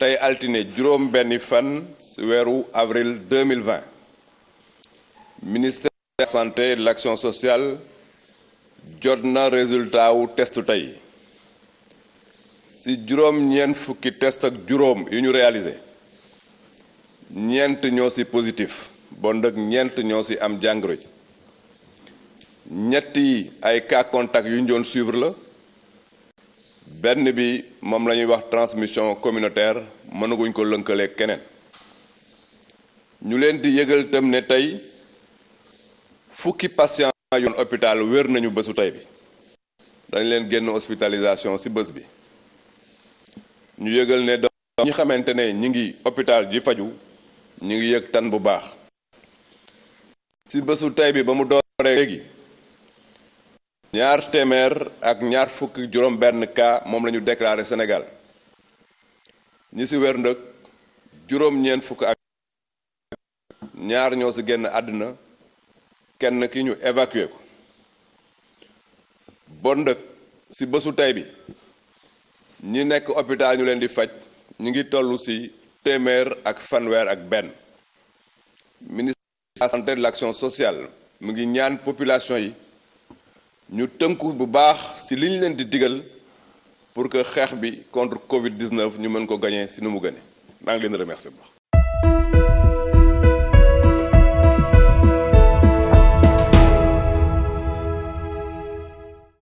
tay altine juróom benni fan si avril 2020 ministère de la santé et de l'action sociale Journal résultat wu test tay si juróom ñen fukki test ak juróom yu ñu réalisé ñent ñoo si positif bon nag ñeent ñoo si am jangro ñetti ay cas contact yu ñu doon suivre la benn bi moom la ñuy wax transmission communautaire mënaguñ ko lënkalee keneen ñu leen di yëgal tam ne tey fukki patient yoon hôpital wér nañu bésu tey bi dañ leen génn hospitalisation ci bés bi ñu yëgal ne do ñi xamante ne ñi ngi hôpital ji faju ñi ngi yëg tan bu baax ci bésu tey bi ba mu dooree léegi ñaar téeméer ak ñaar fukki juróom benn cas moom lañu ñu déclaré Sénégal ñi ci wér ndëkk juróom ñeent fukk ak ñaar ñoo ci génn àddina kenn ki ñu évacué ko bon ndëkk ci bésu tey bi ñi nekk hôpital ñu leen di faj ñu ngi tollu ci téeméer ak fanweer ak benn ministre de santé de l'action sociale mu ngi ñaan population yi ñu tënku bu baax ci liñ ñu leen di digal pour que xeex bi contre Covid 19 ñu mën ko gañee si nu mu gënee maa ngi leen remercier bu baax.